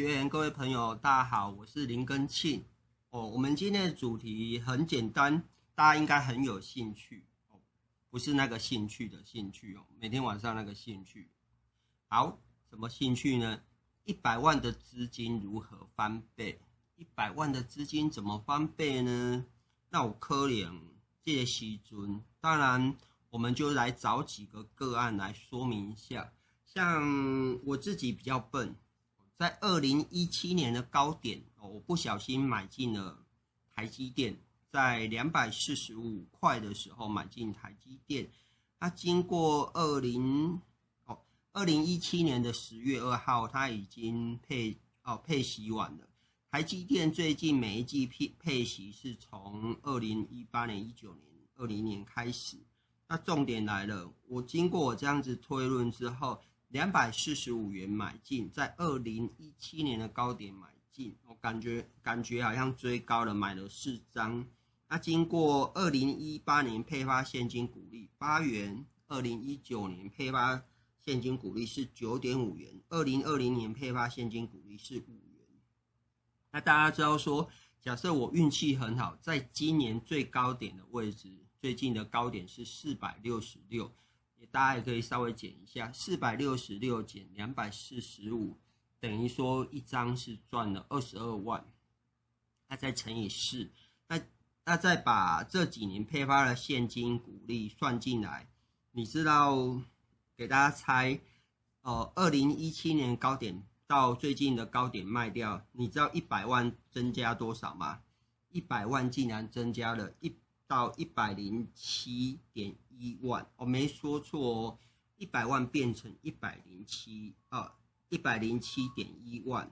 學員、各位朋友，大家好，我是林庚慶。哦，我們今天的主題很簡單，大家應該很有興趣。Oh, 不是那個興趣的興趣哦，每天晚上那個興趣。好，什麼興趣呢？一百萬的資金如何翻倍？一百萬的資金怎麼翻倍呢？那我可憐，謝謝希尊。當然，我們就來找幾個個案來說明一下。像我自己比較笨。在二零一七年的高點，我不小心買進了台積電，在兩百四十五塊的時候買進台積電，那經過二零哦二零一七年的十月二號，它已經配哦配息完了。台積電最近每一季配配息是從二零一八年、一九年、二零年開始。那重點來了，我經過我這樣子推論之後。兩百四十五元買進，在二零一七年的高點買進，我感覺感覺好像追高了，買了四張。那經過二零一八年配發現金股利八元，二零一九年配發現金股利是九點五元，二零二零年配發現金股利是五元。那大家知道說，假設我運氣很好，在今年最高點的位置，最近的高點是四百六十六。大家也可以稍微減一下，四百六十六減兩百四十五，5, 等於說一張是賺了二十二萬，那再乘以四，那那再把這幾年配發的現金股利算進來，你知道，給大家猜，呃，二零一七年高點到最近的高點賣掉，你知道一百萬增加多少嗎？一百萬竟然增加了一。到一百零七點一萬，我、哦、沒說錯哦，一百萬變成一百零七，呃，一百零七點一萬。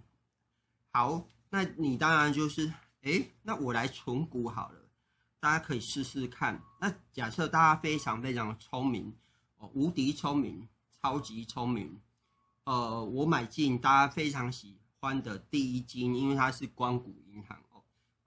好，那你當然就是，哎、欸，那我來存股好了，大家可以試試看。那假設大家非常非常聰明，哦、呃，無敵聰明，超級聰明，呃，我買進大家非常喜歡的第一金，因為它是公股銀行。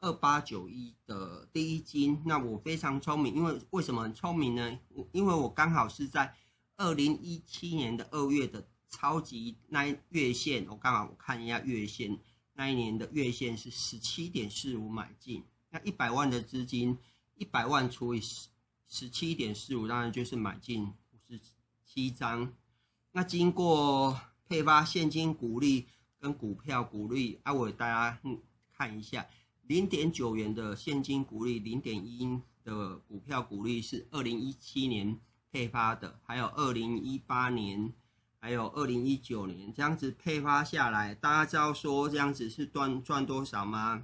二八九一的第一金，那我非常聰明，因為為什麼很聰明呢？因為我剛好是在二零一七年的二月的超級那一月線，我剛好我看一下月線，那一年的月線是十七點四五買進，那一百萬的資金，一百萬除以十十七點四五，當然就是買進五十七張。那經過配發現金股利跟股票股利，啊，我給大家看一下。零點九元的現金股利，零點一的股票股利是二零一七年配發的，還有二零一八年，還有二零一九年這樣子配發下來，大家知道說這樣子是賺賺多少嗎？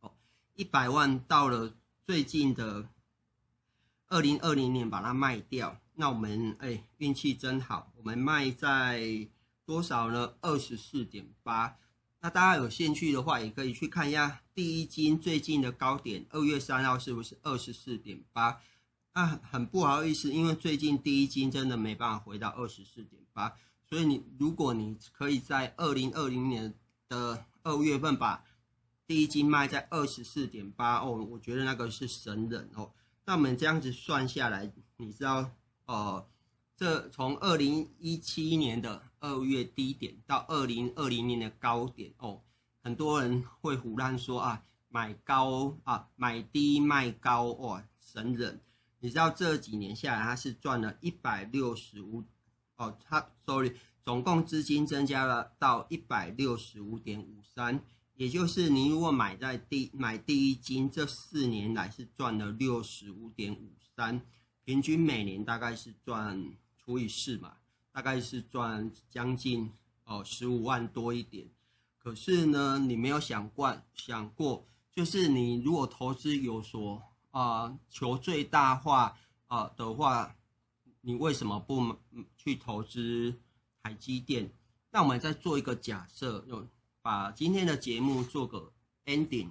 哦，一百萬到了最近的二零二零年把它賣掉，那我們哎，運氣真好，我們賣在多少呢？二十四點八。那大家有興趣的話，也可以去看一下第一金最近的高點，二月三號是不是二十四點八？啊，很不好意思，因為最近第一金真的沒辦法回到二十四點八。所以你如果你可以在二零二零年的二月份把第一金賣在二十四點八哦，我覺得那個是神人哦。那我們這樣子算下來，你知道，呃，這從二零一七年的。二月低點到二零二零年的高點哦，很多人會胡亂說啊，買高啊，買低賣高哦，神人！你知道這幾年下來，他是賺了一百六十五哦，他 sorry，總共資金增加了到一百六十五點五三，也就是你如果買在第買第一金，這四年來是賺了六十五點五三，平均每年大概是賺除以四嘛。大概是賺將近呃、十五萬多一點，可是呢，你沒有想過想過，就是你如果投資有所啊求最大化啊的話，你為什麼不去投資台積電？那我們再做一個假設，又把今天的節目做個 ending。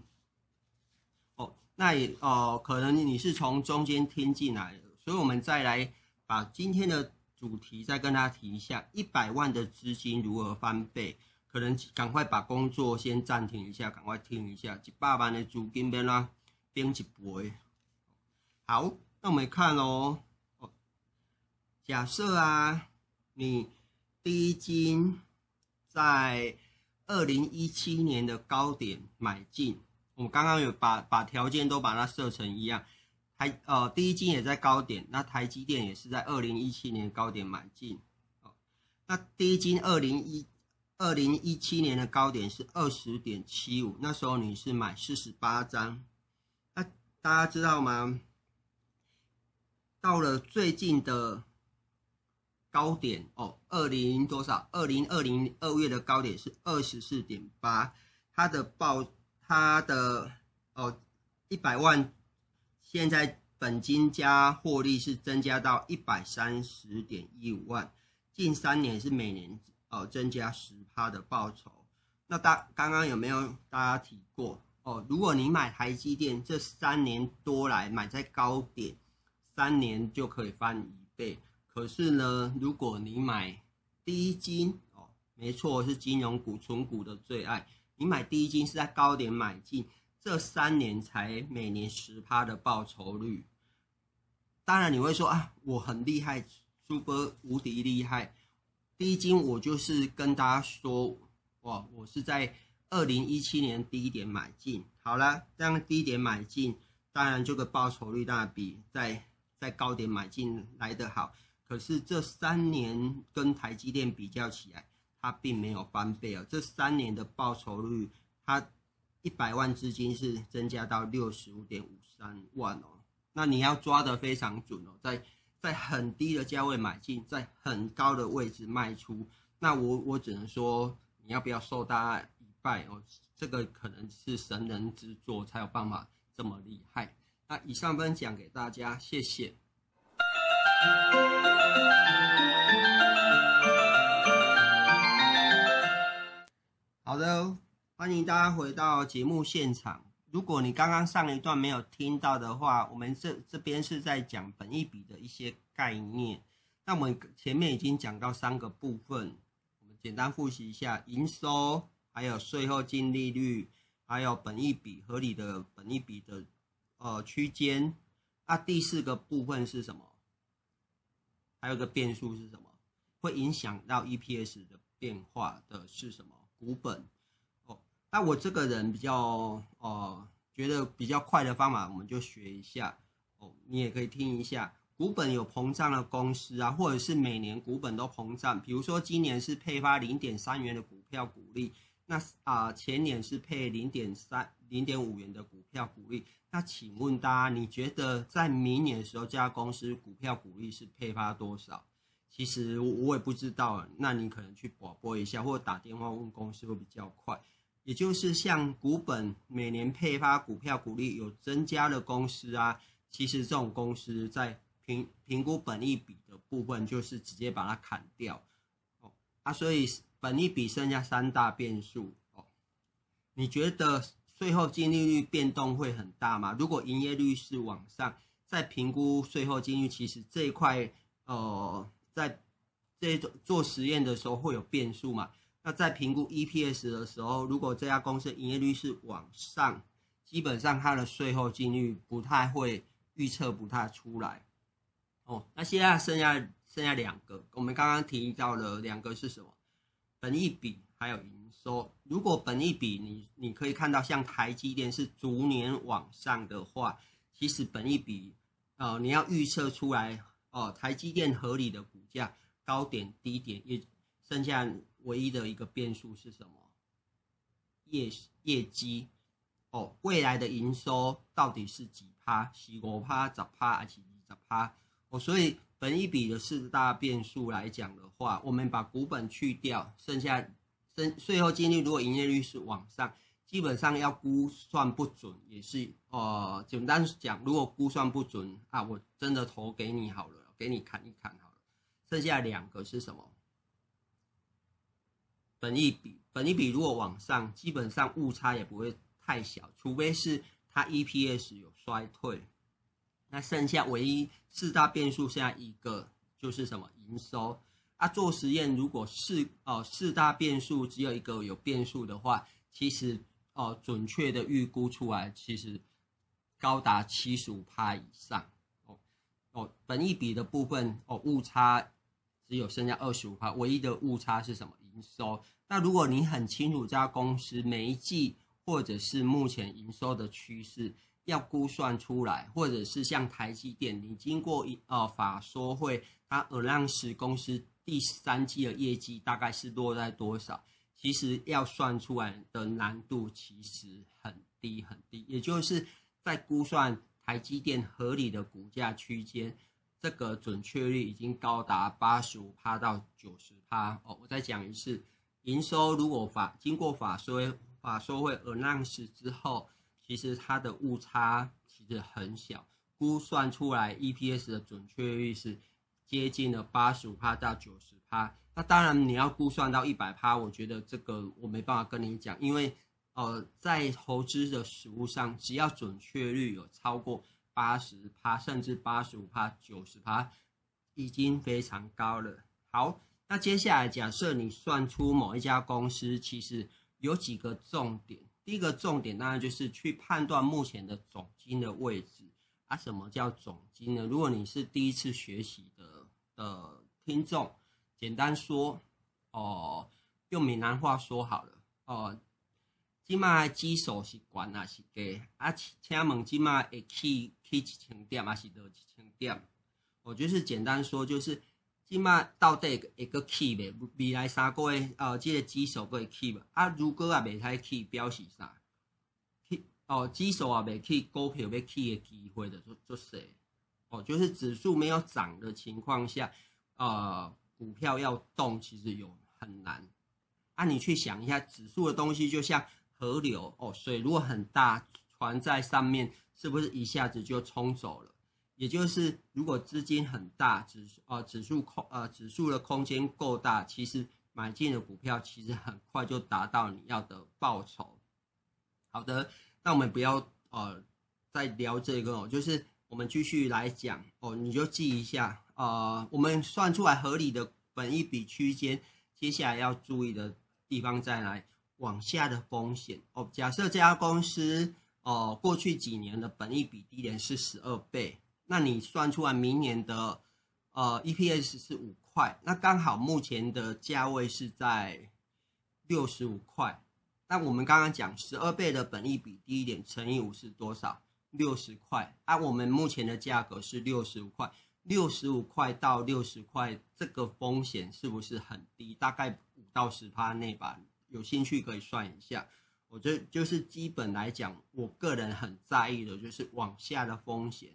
哦，那也哦，可能你是從中間聽進來的，所以我們再來把今天的。主題再跟大家提一下，一百萬的資金如何翻倍？可能趕快把工作先暫停一下，趕快聽一下爸爸的資金變啊，變幾倍？好，那我們看嘍。假設啊，你第一金在二零一七年的高點買進，我們剛剛有把把條件都把它設成一樣。台呃，第一金也在高點，那台積電也是在二零一七年高點買進哦。那第一金二零一二零一七年的高點是二十點七五，那時候你是買四十八張。那大家知道嗎？到了最近的高點哦，二零多少？二零二零二月的高點是二十四點八，它的報它的哦一百萬。現在本金加獲利是增加到一百三十點一五萬，近三年是每年哦增加十趴的報酬。那大家剛剛有沒有大家提過哦？如果你買台積電，這三年多來買在高點，三年就可以翻一倍。可是呢，如果你買第一金哦，沒錯是金融股、存股的最愛。你買第一金是在高點買進。這三年才每年十趴的報酬率，當然你會說啊，我很厲害，Super 無敵厲害。畢竟我就是跟大家說，哇，我是在二零一七年低點買進，好啦，這樣低點買進，當然這個報酬率當然比在在高點買進來的好。可是這三年跟台積電比較起來，它並沒有翻倍啊，這三年的報酬率它。一百萬資金是增加到六十五點五三萬哦，那你要抓得非常準哦，在在很低的價位買進，在很高的位置賣出，那我我只能說你要不要受大家一拜哦，這個可能是神人之作才有辦法這麼厲害。那以上分享給大家，謝謝。好的。歡迎大家回到節目現場。如果你剛剛上一段沒有聽到的話，我們這這邊是在講本益比的一些概念。那我們前面已經講到三個部分，我們簡單複習一下：營收，還有稅後淨利率，還有本益比合理的本益比的呃區間。那第四個部分是什麼？還有個變數是什麼？會影響到 EPS 的變化的是什麼？股本。那我這個人比較，呃，覺得比較快的方法，我們就學一下哦。你也可以聽一下，股本有膨脹的公司啊，或者是每年股本都膨脹，比如說今年是配發零點三元的股票股利，那啊、呃、前年是配零點三零點五元的股票股利，那請問大家，你覺得在明年的時候，這家公司股票股利是配發多少？其實我我也不知道，那你可能去廣播一下，或者打電話問公司會比較快。也就是像股本每年配發股票股利有增加的公司啊，其實這種公司在評評估本益比的部分就是直接把它砍掉哦啊，所以本益比剩下三大變數哦。你覺得稅後淨利率變動會很大嗎？如果營業率是往上，在評估稅後淨利率其實這一塊呃，在這種做，做實驗的時候會有變數嗎？那在評估 EPS 的時候，如果這家公司營業率是往上，基本上它的稅後淨率不太會預測不太出來。哦，那現在剩下剩下兩個，我們剛剛提到了兩個是什麼？本益比還有營收。So, 如果本益比你你可以看到像台積電是逐年往上的話，其實本益比呃你要預測出來哦，台積電合理的股價高點低點也剩下。唯一的一個變數是什麼？業業績哦，未來的營收到底是幾趴？15趴？10趴？還是10趴？哦，所以本益比的四大變數來講的話，我們把股本去掉，剩下剩稅後淨利，如果營業率是往上，基本上要估算不準，也是哦、呃。簡單講，如果估算不準啊，我真的投給你好了，給你看一看好了。剩下兩個是什麼？本益比，本益比如果往上，基本上誤差也不會太小，除非是它 EPS 有衰退。那剩下唯一四大變數下一個就是什麼營收啊？做實驗，如果四哦四大變數只有一個有變數的話，其實哦準確的預估出來其實高達七十五趴以上哦哦，本益比的部分哦誤差只有剩下二十五趴，唯一的誤差是什麼？營收，那如果你很清楚這家公司每一季或者是目前營收的趨勢，要估算出來，或者是像台積電，你經過一二、呃、法說會，它 announce 公司第三季的業績大概是落在多少，其實要算出來的難度其實很低很低，也就是在估算台積電合理的股價區間。這個準確率已經高達八十五趴到九十趴哦！我再講一次，營收如果法經過法說會法說會 announce 之後，其實它的誤差其實很小，估算出來 EPS 的準確率是接近了八十五趴到九十趴。那當然，你要估算到一百趴，我覺得這個我沒辦法跟你講，因為、呃、在投資的實務上，只要準確率有超過，八十趴，甚至八十五趴、九十趴，已經非常高了。好，那接下來假設，你算出某一家公司，其實有幾個重點。第一個重點當然就是去判斷目前的總經的位置啊。什麼叫總經呢？如果你是第一次學習的的、呃、聽眾，簡單說哦、呃，用閩南話說好了哦。今麥指數是高還是低？啊，請問今麥會去？去一千點還是落一千點？我、哦、就是簡單說，就是底起碼到這個一個起的，未來三個月啊、呃，這個指數個起嘛。啊，如果啊未起，表示啥？哦，指數啊未起，股票要起個機會的就就少。哦，就是指數沒有漲的情況下，呃，股票要動其實有很難。啊，你去想一下，指數的東西就像河流哦，水如果很大，船在上面。是不是一下子就衝走了？也就是如果資金很大，指數呃指數空呃指數的空間夠大，其實買進的股票其實很快就達到你要的報酬。好的，那我們不要呃再聊這個，就是我們繼續來講哦，你就記一下呃，我們算出來合理的本益比區間，接下來要注意的地方再來往下的風險哦，假設這家公司。哦、呃，過去幾年的本益比低點是十二倍，那你算出來明年的呃 EPS 是五塊，那剛好目前的價位是在六十五塊。那我們剛剛講十二倍的本益比低點乘以五是多少？六十塊。那、啊、我們目前的價格是六十五塊，六十五塊到六十塊這個風險是不是很低？大概五到十趴內吧。有興趣可以算一下。我這就，就是基本來講，我個人很在意的就是往下的風險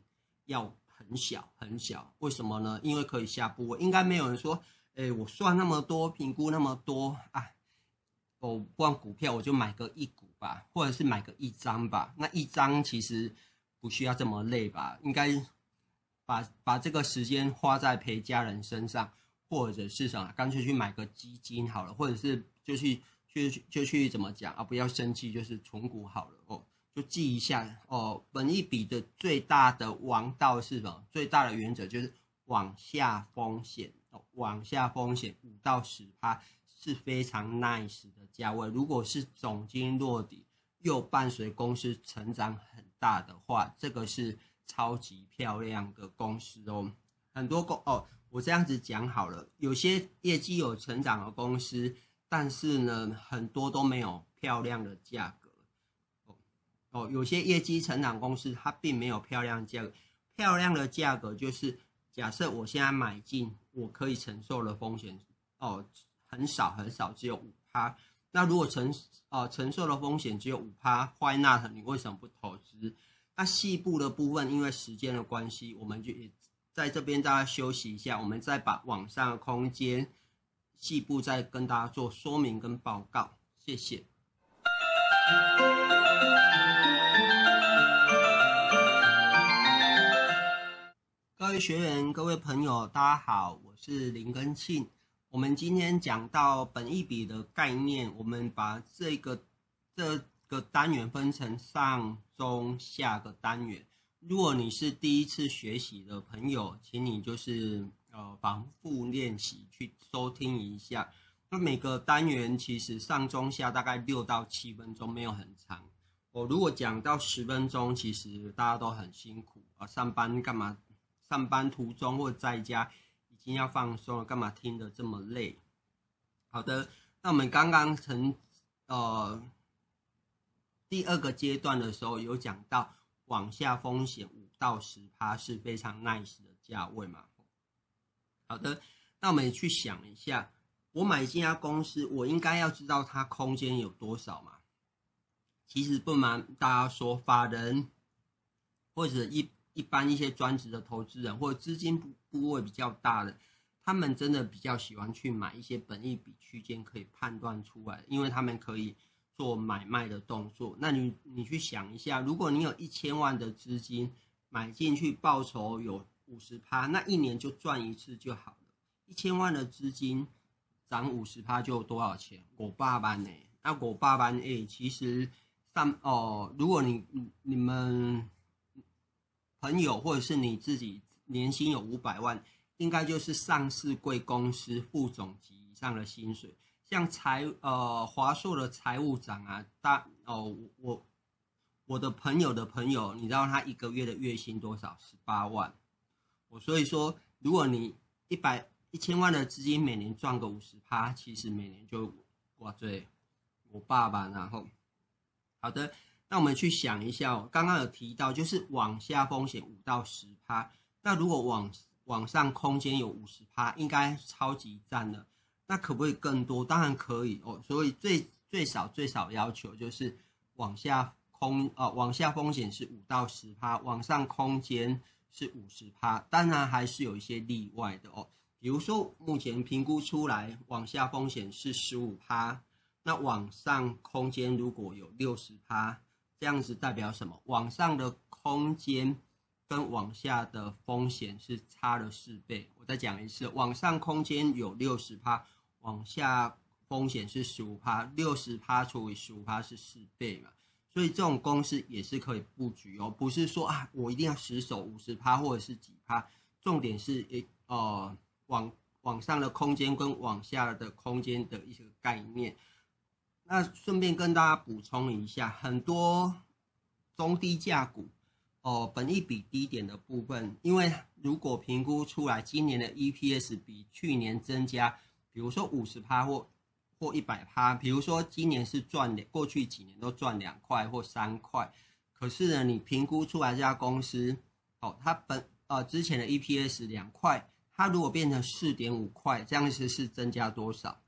要很小很小。為什麼呢？因為可以下播，應該沒有人說，欸，我算那麼多，評估那麼多啊。我換股票，我就買個一股吧，或者是買個一張吧。那一張其實不需要這麼累吧？應該把把這個時間花在陪家人身上，或者是什麼，乾脆去買個基金好了，或者是就去。就去就去怎麼講啊？不要生氣，就是重估好了哦。就記一下哦。本益比的最大的王道是什麼？最大的原則就是往下風險哦，往下風險五到十趴是非常 nice 的價位。如果是總經落底又伴隨公司成長很大的話，這個是超級漂亮的公司哦。很多公哦，我這樣子講好了，有些業績有成長的公司。但是呢，很多都沒有漂亮的價格。哦，有些業績成長公司它並沒有漂亮的價格，漂亮的價格就是假設我現在買進，我可以承受的風險哦，很少很少，只有五趴。那如果承、呃、承受的風險只有五趴，Why not？你為什麼不投資？那細部的部分，因為時間的關係，我們就也在這邊大家休息一下，我們再把網上的空間。細部再跟大家做說明跟報告，謝謝。各位學員、各位朋友，大家好，我是林庚慶。我們今天講到本益比的概念，我們把這個這個單元分成上、中、下個單元。如果你是第一次學習的朋友，請你就是。呃，反覆練習去收聽一下。那每個單元其實上中下大概六到七分鐘，沒有很長。我、哦、如果講到十分鐘，其實大家都很辛苦啊。上班幹嘛？上班途中或在家已經要放鬆了，幹嘛聽得這麼累？好的，那我們剛剛從呃第二個階段的時候有講到，往下風險五到十趴是非常 nice 的價位嘛？好的，那我們也去想一下，我買這家公司，我應該要知道它空間有多少嘛？其實不瞞大家說，法人或者一一般一些專職的投資人，或者資金部、部位比較大的，他們真的比較喜歡去買一些本益比區間可以判斷出來，因為他們可以做買賣的動作。那你、你去想一下，如果你有一千萬的資金買進去，報酬有？五十趴，那一年就賺一次就好了。一千萬的資金漲五十趴就多少錢？五百萬呢？那五百萬欸其實上哦，如果你你你們朋友或者是你自己年薪有五百萬，應該就是上市貴公司副總級以上的薪水。像財呃華碩的財務長啊，大哦我我的朋友的朋友，你知道他一個月的月薪多少？十八萬。所以說，如果你一百一千萬的資金每年賺個五十趴，其實每年就哇塞，我爸爸，然後好的，那我們去想一下，哦，剛剛有提到就是往下風險五到十趴，那如果往往上空間有五十趴，應該超級讚的，那可不可以更多？當然可以哦。所以最最少最少要求就是往下空啊，哦，往下風險是五到十趴，往上空間。是五十趴，當然還是有一些例外的哦。比如說，目前評估出來往下風險是十五趴，那往上空間如果有六十趴，這樣子代表什麼？往上的空間跟往下的風險是差了四倍。我再講一次，往上空間有六十趴，往下風險是十五趴，六十趴除以十五趴是四倍嘛。所以這種公司也是可以布局哦，不是說啊，我一定要死守五十趴或者是幾趴，重點是呃，往往上的空間跟往下的空間的一些概念。那順便跟大家補充一下，很多中低價股哦，本益比低點的部分，因為如果評估出來今年的 EPS 比去年增加，比如說五十趴或或一百趴，比如說今年是賺的，過去幾年都賺兩塊或三塊，可是呢，你評估出來這家公司，哦，它本呃之前的 EPS 兩塊，它如果變成四點五塊，這樣子是增加多少？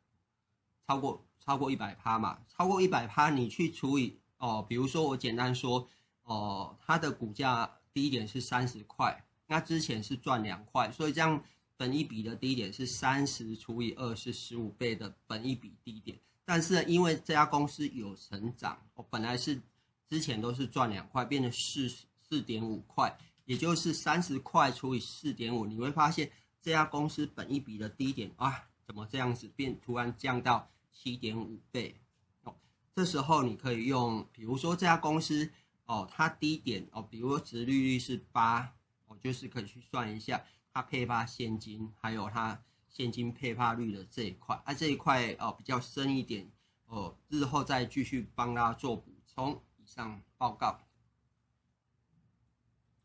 超過超過一百趴嘛？超過一百趴，你去除以哦、呃，比如說我簡單說，哦，它的股價低一點是三十塊，那之前是賺兩塊，所以這樣。本益比的低點是三十除以二是十五倍的本益比低點，但是因為這家公司有成長，我、哦、本來是之前都是賺兩塊，變成四四點五塊，也就是三十塊除以四點五，你會發現這家公司本益比的低點啊，怎麼這樣子變突然降到七點五倍？哦，這時候你可以用，比如說這家公司哦，它低點哦，比如說殖利率是八、哦，我就是可以去算一下。它配發現金，還有它現金配發率的這一塊，啊，這一塊哦比較深一點，哦，日後再繼續幫它做補充。以上報告。